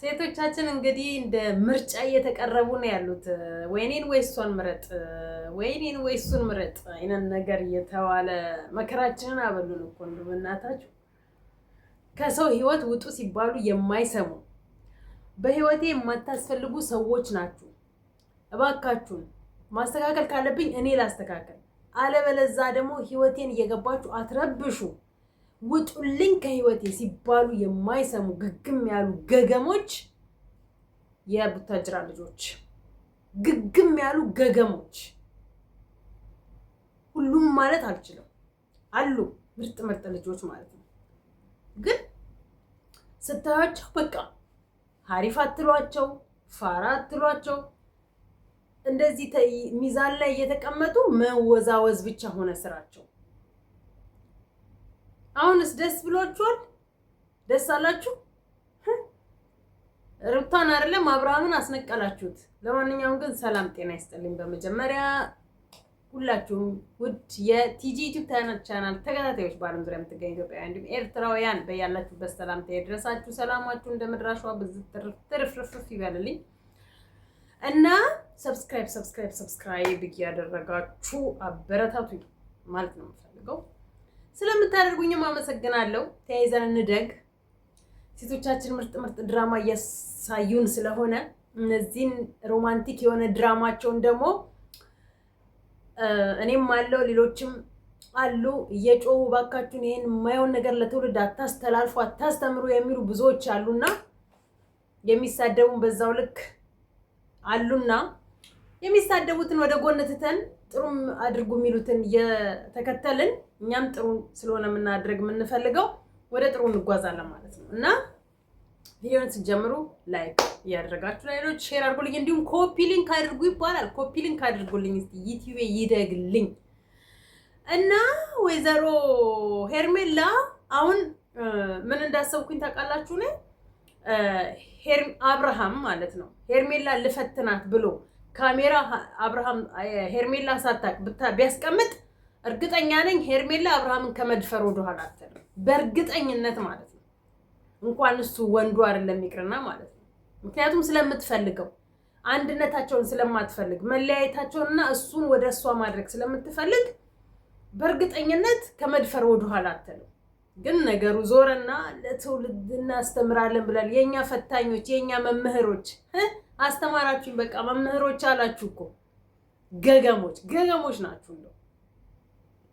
ሴቶቻችን እንግዲህ እንደ ምርጫ እየተቀረቡ ነው ያሉት። ወይኔን ወይ እሷን ምረጥ፣ ወይኔን ወይ እሱን ምረጥ አይነት ነገር እየተባለ መከራችንን አበሉን እኮ እንደው በእናታችሁ። ከሰው ህይወት ውጡ ሲባሉ የማይሰሙ በህይወቴ የማታስፈልጉ ሰዎች ናችሁ። እባካችሁን ማስተካከል ካለብኝ እኔ ላስተካከል፣ አለበለዛ ደግሞ ህይወቴን እየገባችሁ አትረብሹ። ውጡልኝ ከህይወቴ ሲባሉ የማይሰሙ ግግም ያሉ ገገሞች የቡታጅራ ልጆች ግግም ያሉ ገገሞች። ሁሉም ማለት አልችልም፣ አሉ ምርጥ ምርጥ ልጆች ማለት ነው። ግን ስታያቸው በቃ ሀሪፍ አትሏቸው፣ ፋራ አትሏቸው። እንደዚህ ሚዛን ላይ እየተቀመጡ መወዛወዝ ብቻ ሆነ ስራቸው። አሁንስ ደስ ብሏችኋል? ደስ አላችሁ? ሩታን አይደለም አብርሃምን አስነቀላችሁት። ለማንኛውም ግን ሰላም ጤና ይስጥልኝ። በመጀመሪያ ሁላችሁም ውድ የቲጂ ዩቲዩብ ቻናል ተከታታዮች በዓለም ዙሪያ የምትገኝ ኢትዮጵያውያን እንዲሁም ኤርትራውያን በያላችሁበት ሰላምታ ይድረሳችሁ። ሰላማችሁ እንደ መድራሿ ብዙ ይበልልኝ እና ሰብስክራይብ ሰብስክራይብ ሰብስክራይብ እያደረጋችሁ አበረታቱ ማለት ነው የምፈልገው። ስለምታደርጉኝም አመሰግናለሁ። ተያይዘን እንደግ። ሴቶቻችን ምርጥ ምርጥ ድራማ እያሳዩን ስለሆነ እነዚህን ሮማንቲክ የሆነ ድራማቸውን ደግሞ እኔም አለው ሌሎችም አሉ እየጮሁ ባካችሁን ይህን የማየውን ነገር ለትውልድ አታስተላልፉ፣ አታስተምሩ የሚሉ ብዙዎች አሉና የሚሳደቡን በዛው ልክ አሉና የሚሳደቡትን ወደ ጎን ትተን ጥሩም አድርጉ የሚሉትን እየተከተልን እኛም ጥሩ ስለሆነ የምናድረግ የምንፈልገው ወደ ጥሩ እንጓዛለን ማለት ነው እና ቪዲዮን ስትጀምሩ ላይክ እያደረጋችሁ ሌሎች ሼር አድርጉልኝ፣ እንዲሁም ኮፒ ሊንክ አድርጉ ይባላል። ኮፒ ሊንክ አድርጉልኝ እስኪ ዩቲዩብ ይደግልኝ እና ወይዘሮ ሄርሜላ አሁን ምን እንዳሰብኩኝ ታውቃላችሁ? ነ አብርሃም ማለት ነው ሄርሜላ ልፈትናት ብሎ ካሜራ አብርሃም ሄርሜላ ሳታቅ ቢያስቀምጥ እርግጠኛ ነኝ ሄርሜላ አብርሃምን ከመድፈር ወደኋላ አትልም። በእርግጠኝነት ማለት ነው። እንኳን እሱ ወንዱ አይደለም ይቅርና ማለት ነው። ምክንያቱም ስለምትፈልገው አንድነታቸውን ስለማትፈልግ መለያየታቸውንና እሱን ወደ እሷ ማድረግ ስለምትፈልግ በእርግጠኝነት ከመድፈር ወደኋላ አትልም። ግን ነገሩ ዞረና ለትውልድ እናስተምራለን ብላል። የእኛ ፈታኞች፣ የእኛ መምህሮች አስተማራችሁኝ። በቃ መምህሮች አላችሁ እኮ ገገሞች፣ ገገሞች ናችሁ።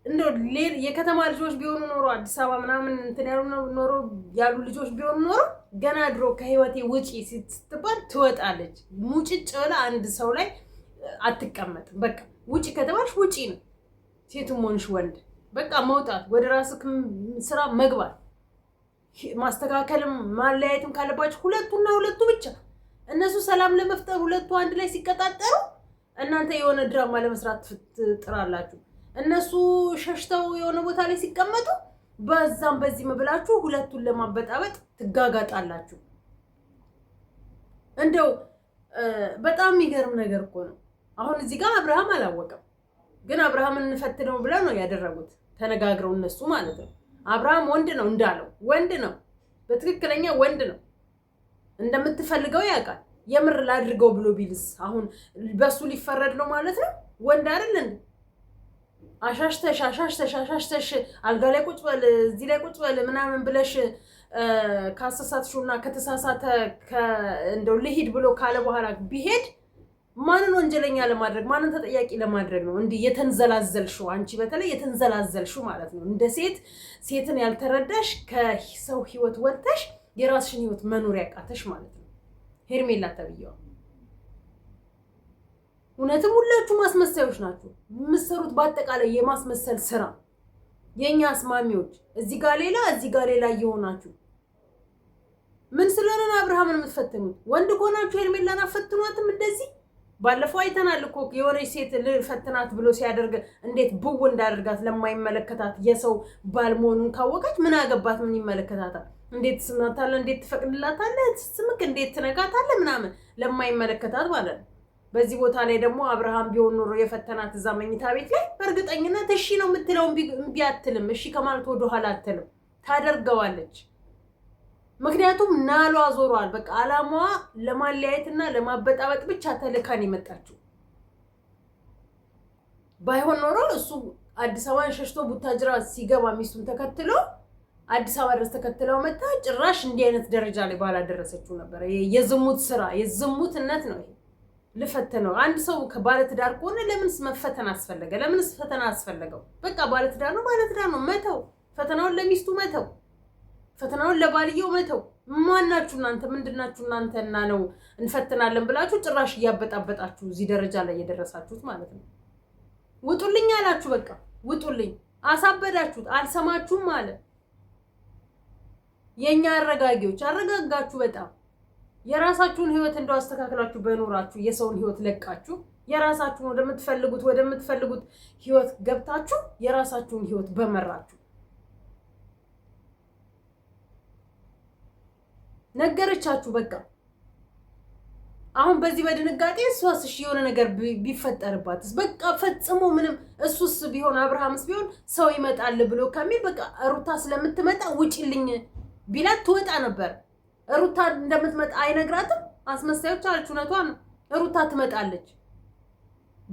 እንደው እንደው የከተማ ልጆች ቢሆኑ ኖሮ አዲስ አበባ ምናምን እንትን ያሉ ኖሮ ያሉ ልጆች ቢሆኑ ኖሮ ገና ድሮ ከህይወቴ ውጪ ስትባል ትወጣለች። ሙጭጭ ብላ አንድ ሰው ላይ አትቀመጥም። በቃ ውጪ ከተባልሽ ውጪ ነው፣ ሴቱም ሆንሽ ወንድ። በቃ መውጣት፣ ወደ ራስህ ስራ መግባት፣ ማስተካከልም ማለያየትም ካለባችሁ ሁለቱና ሁለቱ ብቻ እነሱ ሰላም ለመፍጠር ሁለቱ አንድ ላይ ሲቀጣጠሩ እናንተ የሆነ ድራማ ለመስራት ትጥራላችሁ። እነሱ ሸሽተው የሆነ ቦታ ላይ ሲቀመጡ በዛም በዚህ መብላችሁ ሁለቱን ለማበጣበጥ ትጋጋጣላችሁ። እንደው በጣም የሚገርም ነገር እኮ ነው። አሁን እዚህ ጋር አብርሃም አላወቀም፣ ግን አብርሃም እንፈትነው ብለው ነው ያደረጉት፣ ተነጋግረው እነሱ ማለት ነው። አብርሃም ወንድ ነው እንዳለው ወንድ ነው፣ በትክክለኛ ወንድ ነው። እንደምትፈልገው ያውቃል። የምር ላድርገው ብሎ ቢልስ አሁን በሱ ሊፈረድ ነው ማለት ነው። ወንድ አይደል እንዴ? አሻሽተሽ አሻሽተሽ አሻሽተሽ አልጋ ላይ ቁጭ በል እዚህ ላይ ቁጭ በል ምናምን ብለሽ ካሰሳትሽው ከተሳሳተ እንደው ልሂድ ብሎ ካለ በኋላ ቢሄድ ማንን ወንጀለኛ ለማድረግ ማንን ተጠያቂ ለማድረግ ነው? እንዲህ የተንዘላዘልሽው አንቺ በተለይ የተንዘላዘልሹ ማለት ነው። እንደ ሴት ሴትን ያልተረዳሽ ከሰው ህይወት ወጥተሽ የራስሽን ህይወት መኖር ያቃተሽ ማለት ነው ሄርሜላ ተብዬዋ። እውነትም ሁላችሁ ማስመሰያዎች ናችሁ። የምትሰሩት በአጠቃላይ የማስመሰል ስራ የእኛ አስማሚዎች፣ እዚህ ጋር ሌላ፣ እዚህ ጋር ሌላ እየሆናችሁ ምን ስለሆነ አብርሃምን የምትፈትኑት? ወንድ ከሆናችሁ ሄርሜላን አፈትኗትም እንደዚህ ባለፈው አይተናል እኮ የሆነች ሴት ልፈትናት ብሎ ሲያደርግ እንዴት ብው እንዳደርጋት ለማይመለከታት የሰው ባል መሆኑን ካወቀች ምን አገባት? ምን ይመለከታታል? እንዴት ትስማታለህ? እንዴት ትፈቅድላታለህ? ስምክ እንዴት ትነጋታለህ? ምናምን ለማይመለከታት ማለት ነው። በዚህ ቦታ ላይ ደግሞ አብርሃም ቢሆን ኖሮ የፈተናት እዛ መኝታ ቤት ላይ በእርግጠኝነት እሺ ነው የምትለው፣ እምቢ አትልም። እሺ ከማለት ወደኋላ አትልም፣ ታደርገዋለች። ምክንያቱም ናሏ ዞሯል። በቃ አላማዋ ለማለያየትና ለማበጣበጥ ብቻ ተልካን የመጣችው ባይሆን ኖሮ እሱ አዲስ አበባን ሸሽቶ ቡታጅራ ሲገባ ሚስቱን ተከትሎ አዲስ አበባ ድረስ ተከትለው መታ ጭራሽ እንዲህ አይነት ደረጃ ላይ ባላደረሰችው ነበረ። የዝሙት ስራ የዝሙትነት ነው። ልፈተነው አንድ ሰው ከባለትዳር ከሆነ ለምንስ መፈተን አስፈለገ? ለምንስ ፈተና አስፈለገው? በቃ ባለትዳር ነው፣ ባለትዳር ነው። መተው ፈተናውን ለሚስቱ መተው ፈተናውን ለባልየው መተው። ማናችሁ እናንተ ምንድናችሁ እና ነው እንፈትናለን ብላችሁ ጭራሽ እያበጣበጣችሁ እዚህ ደረጃ ላይ የደረሳችሁት ማለት ነው። ውጡልኝ አላችሁ፣ በቃ ውጡልኝ። አሳበዳችሁት፣ አልሰማችሁም ማለት የእኛ አረጋጊዎች አረጋጋችሁ። በጣም የራሳችሁን ህይወት እንደው አስተካክላችሁ በኖራችሁ የሰውን ህይወት ለቃችሁ የራሳችሁን ወደምትፈልጉት ወደምትፈልጉት ህይወት ገብታችሁ የራሳችሁን ህይወት በመራችሁ ነገረቻችሁ። በቃ አሁን በዚህ በድንጋጤ እሷስ እሺ የሆነ ነገር ቢፈጠርባትስ? በቃ ፈጽሞ ምንም እሱስ ቢሆን አብርሃምስ ቢሆን ሰው ይመጣል ብሎ ከሚል በቃ ሩታ ስለምትመጣ ውጪልኝ ቢላት ትወጣ ነበር። ሩታ እንደምትመጣ አይነግራትም። አስመሳዮች አለች። እውነቷን ሩታ ትመጣለች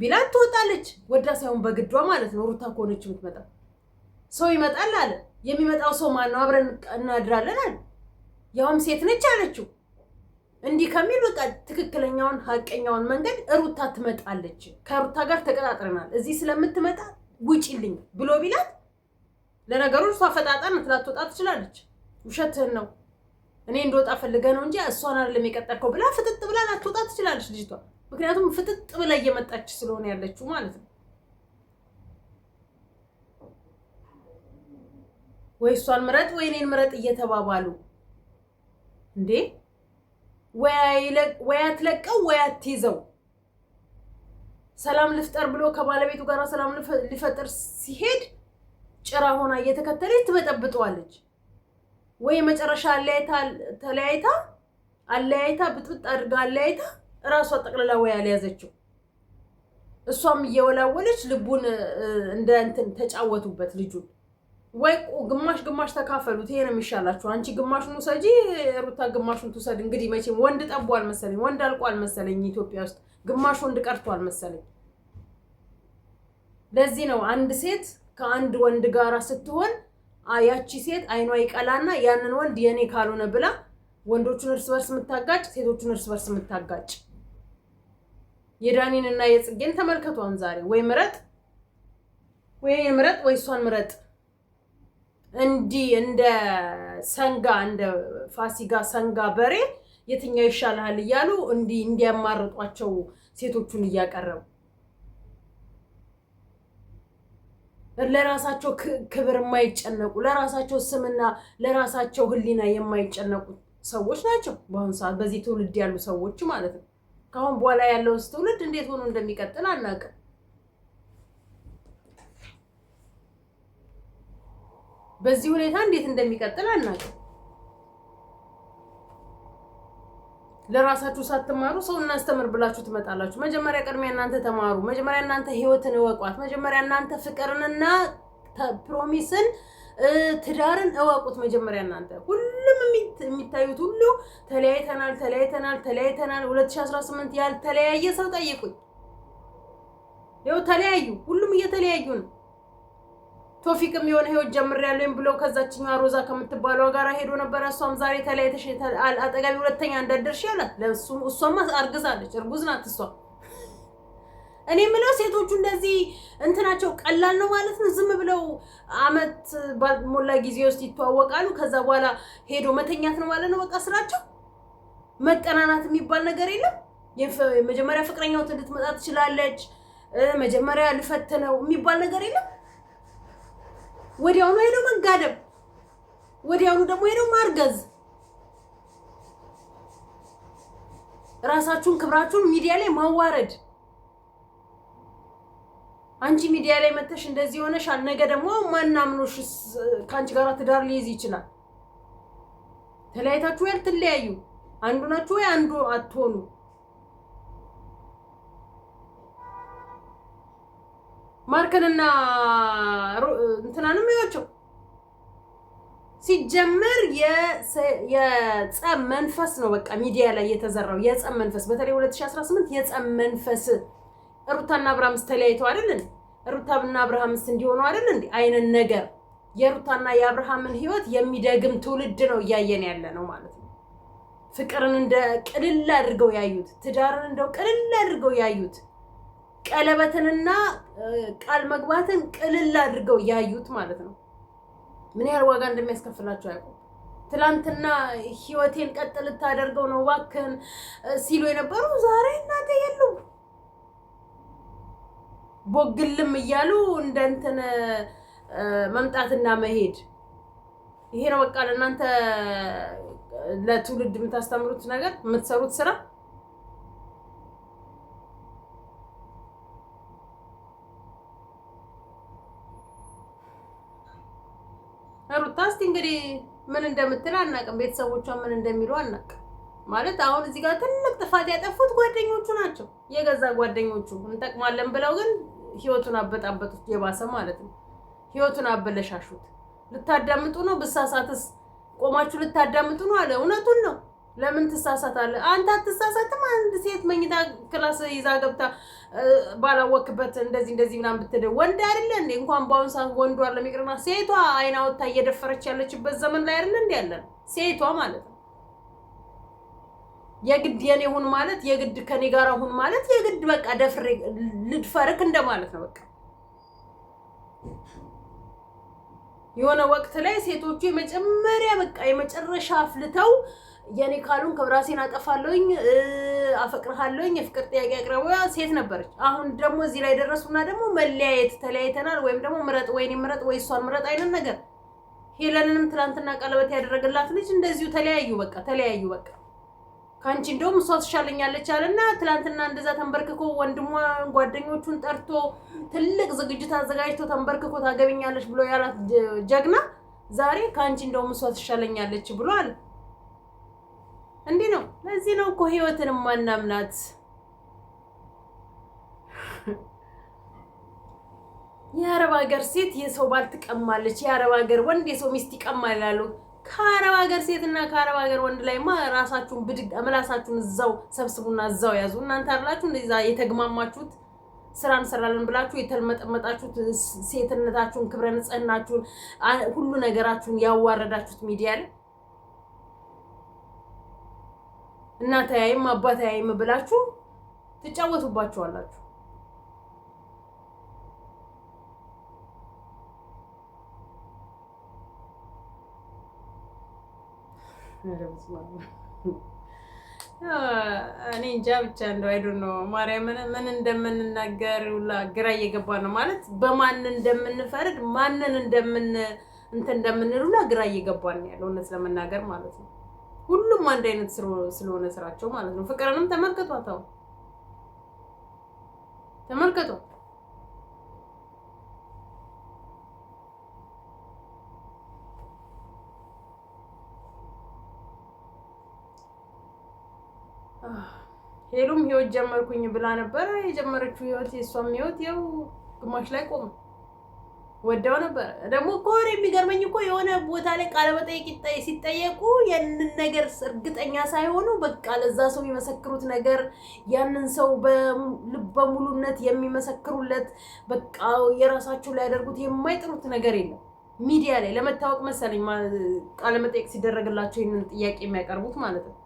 ቢላት ትወጣለች። ወዳ ሳይሆን በግዷ ማለት ነው። ሩታ ከሆነች የምትመጣ ሰው ይመጣል አለ። የሚመጣው ሰው ማን ነው? አብረን እናድራለን አለ። ያውም ሴት ነች አለችው። እንዲህ ከሚል በቃ ትክክለኛውን ሀቀኛውን መንገድ ሩታ ትመጣለች። ከሩታ ጋር ተቀጣጥረናል፣ እዚህ ስለምትመጣ ውጪልኝ ብሎ ቢላት፣ ለነገሩ እሷ ፈጣጣ ናት፣ ላትወጣ ትችላለች። ውሸትህን ነው እኔ እንደወጣ ፈልገ ነው እንጂ እሷን አይደለም የቀጠርከው ብላ ፍጥጥ ብላ ላትወጣ ትችላለች ልጅቷ። ምክንያቱም ፍጥጥ ብላ እየመጣች ስለሆነ ያለችው ማለት ነው። ወይ እሷን ምረጥ ወይ እኔን ምረጥ እየተባባሉ እንዴ! ወይ አትለቀው ወይ አትይዘው። ሰላም ልፍጠር ብሎ ከባለቤቱ ጋር ሰላም ሊፈጥር ሲሄድ ጭራ ሆና እየተከተለች ትበጠብጠዋለች። ወይ መጨረሻ አለያይታ ተለያይታ አለያይታ ብጥብጥ አድርጋ አለያይታ እራሷ ጠቅልላ ወይ አልያዘችው እሷም እየወላወለች ልቡን እንደ እንትን ተጫወቱበት ልጁን። ወይ ግማሽ ግማሽ ተካፈሉት። ይሄ ነው የሚሻላችሁ። አንቺ ግማሹን ውሰጂ፣ ሩታ ግማሹን ትውሰድ። እንግዲህ መቼም ወንድ ጠቦ አልመሰለኝ፣ ወንድ አልቆ አልመሰለኝ፣ ኢትዮጵያ ውስጥ ግማሽ ወንድ ቀርቶ አልመሰለኝ። ለዚህ ነው አንድ ሴት ከአንድ ወንድ ጋራ ስትሆን ያቺ ሴት አይኗ ይቀላና ያንን ወንድ የኔ ካልሆነ ብላ ወንዶቹን እርስ በርስ የምታጋጭ፣ ሴቶቹን እርስ በርስ የምታጋጭ የዳኒን እና የጽጌን ተመልከቷን። ዛሬ ወይ ምረጥ ወይ ምረጥ ወይ እሷን ምረጥ። እንዲህ እንደ ሰንጋ እንደ ፋሲጋ ሰንጋ በሬ የትኛው ይሻልሃል እያሉ እንዲህ እንዲያማርጧቸው ሴቶቹን እያቀረቡ ለራሳቸው ክብር የማይጨነቁ ለራሳቸው ስምና ለራሳቸው ሕሊና የማይጨነቁ ሰዎች ናቸው። በአሁኑ ሰዓት በዚህ ትውልድ ያሉ ሰዎች ማለት ነው። ከአሁን በኋላ ያለው ትውልድ እንዴት ሆኖ እንደሚቀጥል አናውቅም። በዚህ ሁኔታ እንዴት እንደሚቀጥል አናውቅም። ለራሳችሁ ሳትማሩ ሰው እናስተምር ብላችሁ ትመጣላችሁ። መጀመሪያ ቅድሚያ እናንተ ተማሩ። መጀመሪያ እናንተ ህይወትን እወቋት። መጀመሪያ እናንተ ፍቅርንና ፕሮሚስን ትዳርን እወቁት። መጀመሪያ እናንተ ሁሉም የሚታዩት ሁሉ ተለያይተናል፣ ተለያይተናል፣ ተለያይተናል 2018 ያልተለያየ ሰው ጠይቁኝ። ይኸው ተለያዩ፣ ሁሉም እየተለያዩ ነው። ቶፊቅም የሆነ ህይወት ጀምሬያለሁኝ ብለው ከዛችኛ ሮዛ ከምትባለው ጋር ሄዶ ነበር። እሷም ዛሬ ተለያይተሽ አጠገቤ ሁለተኛ እንዳትደርሺ አላት። ለእሱም እሷም አርግዛለች፣ እርጉዝ ናት እሷ። እኔ የምለው ሴቶቹ እንደዚህ እንትናቸው ቀላል ነው ማለት ነው። ዝም ብለው አመት ባልሞላ ጊዜ ውስጥ ይተዋወቃሉ። ከዛ በኋላ ሄዶ መተኛት ነው ማለት ነው። በቃ ስራቸው መቀናናት የሚባል ነገር የለም። የመጀመሪያ ፍቅረኛው ልትመጣ ትችላለች፣ መጀመሪያ ልፈትነው የሚባል ነገር የለም። ወዲያውኑ ሄደው መጋደም ወዲያውኑ ደግሞ ሄደው ማርገዝ። ራሳችሁን ክብራችሁን ሚዲያ ላይ ማዋረድ። አንቺ ሚዲያ ላይ መተሽ እንደዚህ ሆነሻል፣ ነገ ደግሞ ማናምኖሽ ከአንቺ ጋር ትዳር ሊይዝ ይችላል። ተለያይታችሁ ያልትለያዩ አንዱ ናችሁ ወይ አንዱ አትሆኑ። ማርከንና እንትናንም ይወቸው ሲጀመር የጸብ መንፈስ ነው። በቃ ሚዲያ ላይ የተዘራው የጸብ መንፈስ በተለይ 2018 የጸብ መንፈስ ሩታና አብርሃምስ ተለያይተው አይደል? ሩታና አብርሃምስ እንዲሆኑ አይደል? እንዲ አይነን ነገር የሩታና የአብርሃምን ህይወት የሚደግም ትውልድ ነው እያየን ያለ ነው ማለት ነው። ፍቅርን እንደ ቅልል አድርገው ያዩት፣ ትዳርን እንደው ቅልል አድርገው ያዩት ቀለበትንና ቃል መግባትን ቅልል አድርገው ያዩት ማለት ነው። ምን ያህል ዋጋ እንደሚያስከፍላቸው ያውቁ። ትላንትና ህይወቴን ቀጥ ልታደርገው ነው እባክህን ሲሉ የነበሩ ዛሬ እናንተ የሉም። ቦግልም እያሉ እንደ እንትን መምጣትና መሄድ ይሄ ነው በቃ ለእናንተ ለትውልድ የምታስተምሩት ነገር የምትሰሩት ስራ እንግዲህ ምን እንደምትል አናቅም። ቤተሰቦቿ ምን እንደሚሉ አናቅ ማለት አሁን እዚህ ጋር ትልቅ ጥፋት ያጠፉት ጓደኞቹ ናቸው፣ የገዛ ጓደኞቹ። እንጠቅማለን ብለው ግን ህይወቱን አበጣበጡት፣ የባሰ ማለት ነው። ህይወቱን አበለሻሹት። ልታዳምጡ ነው? ብሳሳትስ ቆማችሁ ልታዳምጡ ነው አለ። እውነቱን ነው። ለምን ትሳሳታለህ? አንተ አትሳሳትም። አንድ ሴት መኝታ ክላስ ይዛ ገብታ ባላወቅበት እንደዚህ እንደዚህ ምናምን ብትደው ወንድ አይደለ እንዴ? እንኳን በአሁኑ ሰዓት ወንዱ አለ ይቅርና ሴቷ አይን አውጥታ እየደፈረች ያለችበት ዘመን ላይ አይደለ እንዴ ያለን? ሴቷ ማለት ነው። የግድ የኔ ሁን ማለት የግድ ከኔ ጋር ሁን ማለት የግድ በቃ ደፍሬ ልድፈርክ እንደማለት ነው። በቃ የሆነ ወቅት ላይ ሴቶቹ የመጀመሪያ በቃ የመጨረሻ አፍልተው የኔ ካሉን ክብራሴን አጠፋለኝ አፈቅርሃለኝ የፍቅር ጥያቄ አቅራቢዋ ሴት ነበረች። አሁን ደግሞ እዚህ ላይ ደረሱና ደግሞ መለያየት ተለያይተናል፣ ወይም ደግሞ ምረጥ፣ ወይኔ ምረጥ፣ ወይ እሷን ምረጥ አይነት ነገር። ሄለንንም ትናንትና ቀለበት ያደረገላት ልጅ እንደዚሁ ተለያዩ፣ በቃ ተለያዩ፣ በቃ ከአንቺ እንደውም እሷ ትሻለኛለች አለና ትናንትና እንደዛ ተንበርክኮ ወንድሟን ጓደኞቹን ጠርቶ ትልቅ ዝግጅት አዘጋጅቶ ተንበርክኮ ታገቢኛለች ብሎ ያላት ጀግና ዛሬ ከአንቺ እንደውም እሷ ትሻለኛለች ብሏል። እንዲህ ነው። ለዚህ ነው እኮ ህይወትን ማናምናት። የአረብ ሀገር ሴት የሰው ባል ትቀማለች፣ የአረብ ሀገር ወንድ የሰው ሚስት ይቀማል ይላሉ። ከአረብ ሀገር ሴት እና ከአረብ ሀገር ወንድ ላይ ማ ራሳችሁን ብድግ ምላሳችሁን እዛው ሰብስቡና እዛው ያዙ። እናንተ አላችሁ እንደዛ የተግማማችሁት ስራ እንሰራለን ብላችሁ የተመጠመጣችሁት ሴትነታችሁን፣ ክብረ ንጽህናችሁን፣ ሁሉ ነገራችሁን ያዋረዳችሁት ሚዲያ ላይ እናት ያይም አባት ያይም ብላችሁ ትጫወቱባችኋላችሁ። እኔ እንጃ ብቻ እንደው አይዶ ነው ማርያም፣ ምን እንደምንናገር ሁላ ግራ እየገባ ነው ማለት በማን እንደምንፈርድ ማንን እንደምን እንትን እንደምንል ሁላ ግራ እየገባ ነው ያለው እውነት ለመናገር ማለት ነው። ሁሉም አንድ አይነት ስለሆነ ስራቸው ማለት ነው። ፍቅርንም ተመልከቷት፣ አዎ ተመልከቷት። ሄሉም ህይወት ጀመርኩኝ ብላ ነበረ። የጀመረችው ህይወት የእሷም ህይወት ያው ግማሽ ላይ ቆመ። ወደው ነበር ደግሞ እኮ የሚገርመኝ እኮ የሆነ ቦታ ላይ ቃለ ሲጠየቁ ያንን ነገር እርግጠኛ ሳይሆኑ በቃ ለዛ ሰው የሚመሰክሩት ነገር ያንን ሰው በልበ ሙሉነት የሚመሰክሩለት በቃ የራሳቸው ሊያደርጉት የማይጥሩት ነገር የለም። ሚዲያ ላይ ለመታወቅ መሰለኝ ቃለ ሲደረግላቸው ይህንን ጥያቄ የሚያቀርቡት ማለት ነው።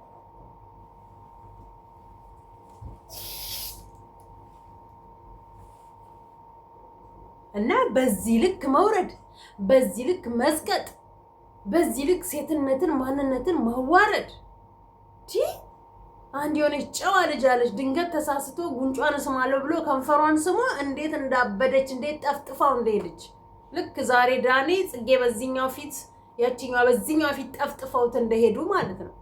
እና በዚህ ልክ መውረድ፣ በዚህ ልክ መዝቀጥ፣ በዚህ ልክ ሴትነትን ማንነትን ማዋረድ አንድ የሆነች ጨዋ ልጅ አለች። ድንገት ተሳስቶ ጉንጯን ስማለሁ ብሎ ከንፈሯን ስሞ እንዴት እንዳበደች እንዴት ጠፍጥፋው እንደሄደች ልክ ዛሬ ዳኔ ጽጌ በዚኛው ፊት ያችኛዋ በዚህኛው ፊት ጠፍጥፈውት እንደሄዱ ማለት ነው።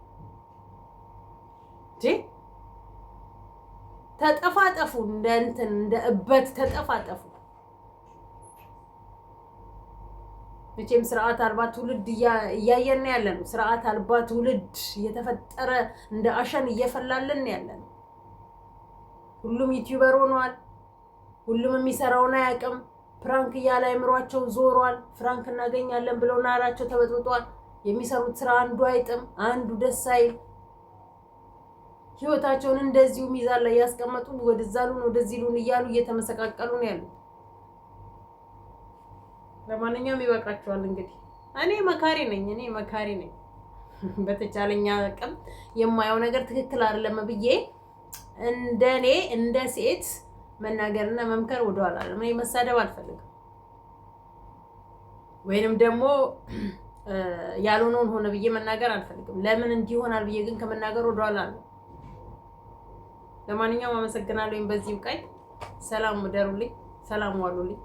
ተጠፋጠፉ፣ እንደ እንትን እንደ እበት ተጠፋጠፉ። መቼም ስርዓት አልባ ትውልድ እያየን ያለ ነው። ስርዓት አልባ ትውልድ እየተፈጠረ እንደ አሸን እየፈላልን ያለ ነው። ሁሉም ዩቲዩበር ሆኗል። ሁሉም የሚሰራውን አያውቅም። ፕራንክ እያለ አይምሯቸው ዞሯል። ፍራንክ እናገኛለን ብለው ናራቸው ተበጥብጧል። የሚሰሩት ስራ አንዱ አይጥም፣ አንዱ ደስ አይል። ህይወታቸውን እንደዚሁ ሚዛን ላይ ያስቀመጡ ወደዛ ሉን ወደዚህ ሉን እያሉ እየተመሰቃቀሉ ነው ያሉት። ለማንኛውም ይበቃቸዋል። እንግዲህ እኔ መካሪ ነኝ፣ እኔ መካሪ ነኝ። በተቻለኛ አቅም የማየው ነገር ትክክል አይደለም ብዬ እንደ እኔ እንደ ሴት መናገርና መምከር ወደኋላ አለ። እኔ መሳደብ አልፈልግም፣ ወይንም ደግሞ ያልሆነውን ሆነ ብዬ መናገር አልፈልግም። ለምን እንዲሆናል ብዬ ግን ከመናገር ወደኋላ አለ። ለማንኛውም አመሰግናለሁ። በዚህ ይብቃኝ። ሰላም ደሩልኝ ሰላም ዋሉልኝ።